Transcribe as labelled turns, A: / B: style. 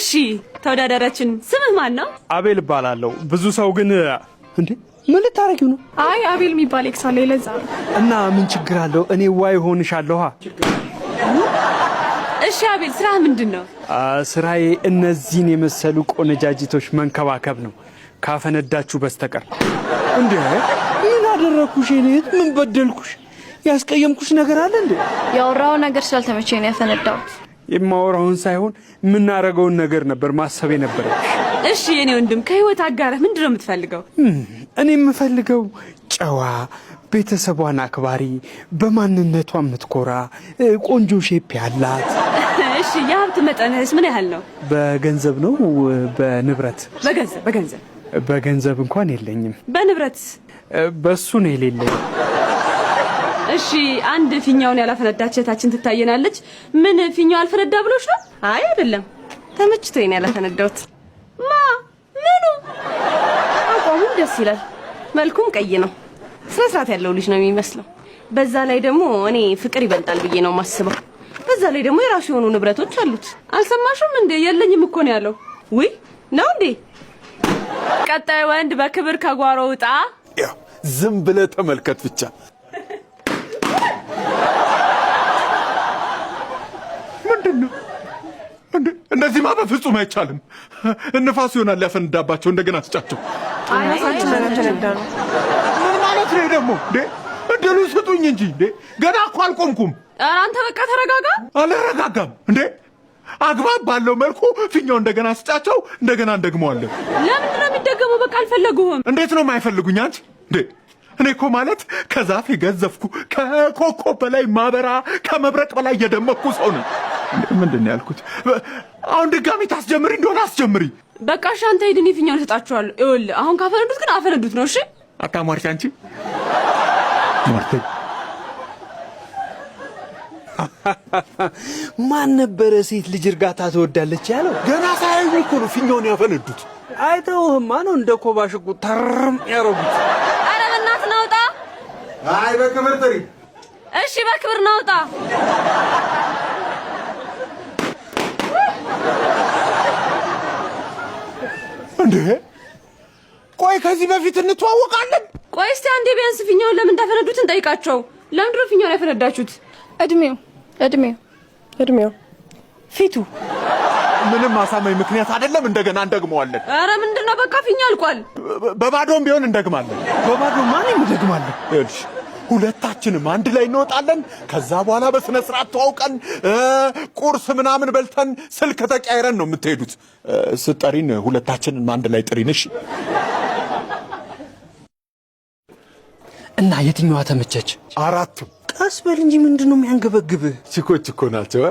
A: እሺ ተወዳዳሪያችን ስምህ ማን ነው?
B: አቤል እባላለሁ። ብዙ ሰው ግን እንዴ ምን ልታረጊው ነው?
A: አይ አቤል የሚባል ኤክስ አለ ለዛ
B: እና ምን ችግር አለው? እኔ ዋይ ሆንሻለሁ።
A: እሺ አቤል ስራ ምንድን ነው?
B: ስራዬ እነዚህን የመሰሉ ቆነጃጅቶች መንከባከብ ነው ካፈነዳችሁ በስተቀር። እንዴ ምን አደረግኩሽ? ኔት ምን በደልኩሽ? ያስቀየምኩሽ ነገር አለ እንዴ?
A: ያወራው ነገር ስላልተመቸኝ ነው ያፈነዳሁት።
B: የማወራውን ሳይሆን የምናደርገውን ነገር ነበር ማሰብ የነበረ።
A: እሺ የኔ ወንድም ከህይወት አጋርህ ምንድን ነው የምትፈልገው?
B: እኔ የምፈልገው ጨዋ፣ ቤተሰቧን አክባሪ፣ በማንነቷ የምትኮራ ቆንጆ ሼፕ ያላት።
A: እሺ የሀብት መጠንህስ ምን ያህል ነው?
B: በገንዘብ ነው በንብረት?
A: በገንዘብ በገንዘብ
B: በገንዘብ እንኳን የለኝም። በንብረት በሱ ነው የሌለኝ።
A: እሺ አንድ ፊኛውን ያላፈነዳች እህታችን ትታየናለች። ምን ፊኛው አልፈነዳ ብሎሽ ነው?
C: አይ አይደለም፣ ተመችቶ ነው ያላፈነዳሁት።
A: ማ ምኑ?
C: አቋሙም ደስ ይላል፣ መልኩም ቀይ ነው። ስነ ስርዓት ያለው ልጅ ነው የሚመስለው። በዛ ላይ ደግሞ እኔ ፍቅር ይበልጣል ብዬ ነው ማስበው። በዛ ላይ ደግሞ የራሱ የሆኑ ንብረቶች አሉት። አልሰማሽም እንዴ? የለኝም እኮ ነው ያለው። ውይ ነው እንዴ?
A: ቀጣይ ወንድ በክብር ከጓሮ ውጣ።
B: ያው ዝም ብለህ ተመልከት ብቻ። እንደዚህማ በፍጹም አይቻልም። እንፋስ ይሆናል ያፈንዳባቸው። እንደገና ስጫቸው። ምን ማለት ነው ደግሞ? እድሉ ስጡኝ እንጂ ገና እኮ አልቆምኩም።
A: አንተ በቃ ተረጋጋ።
B: አልረጋጋም እንዴ! አግባብ ባለው መልኩ ፊኛው እንደገና ስጫቸው። እንደገና እንደግመዋለን።
A: ለምንድን ነው የሚደገመው? በቃ አልፈለጉህም።
B: እንዴት ነው የማይፈልጉኝ? አንቺ እንዴ እኔ እኮ ማለት ከዛፍ የገዘፍኩ ከኮከብ በላይ ማበራ ከመብረቅ በላይ የደመቅኩ ሰው ነኝ። ምንድን ነው ያልኩት? አሁን ድጋሚ ታስጀምሪ እንደሆነ አስጀምሪ።
A: በቃ እሺ፣ አንተ ሂድን የፊኛውን እሰጣችኋለሁ። ይኸውልህ አሁን ካፈነዱት ግን አፈነዱት ነው። እሺ
B: አታሟርሽ አንቺ ማርቴ።
D: ማን ነበረ ሴት ልጅ እርጋታ ትወዳለች ያለው?
B: ገና ሳያዩ እኮ ነው ፊኛውን ያፈነዱት።
D: አይተውህማ ነው እንደ ኮባ ሽጉጥ ተርም ያረጉት።
A: አረ በእናትህ ናውጣ!
B: አይ በክብር ጥሪ።
A: እሺ በክብር ናውጣ።
B: እንዴ ቆይ ከዚህ በፊት እንተዋወቃለን?
A: ቆይ እስቲ አንዴ ቢያንስ ፊኛውን ለምን እንዳፈነዱት እንጠይቃቸው። ለምንድነው ፊኛውን ያፈነዳችሁት? እድሜው እድሜው እድሜው ፊቱ
B: ምንም አሳማኝ ምክንያት አይደለም። እንደገና እንደግመዋለን።
A: አረ ምንድነው በቃ ፊኛ አልቋል።
B: በባዶም ቢሆን እንደግማለን።
D: በባዶ ማንም እንደግማለን።
B: ይኸውልሽ ሁለታችንም አንድ ላይ እንወጣለን። ከዛ በኋላ በስነ ስርዓት ተዋውቀን ቁርስ ምናምን በልተን ስልክ ተቀያይረን ነው የምትሄዱት። ስጠሪን ሁለታችንን አንድ ላይ ጥሪንሽ
D: እና የትኛዋ ተመቸች? አራቱ። ቀስ በል እንጂ ምንድን ነው የሚያንገበግብህ?
B: ችኮ ችኮ ናቸው።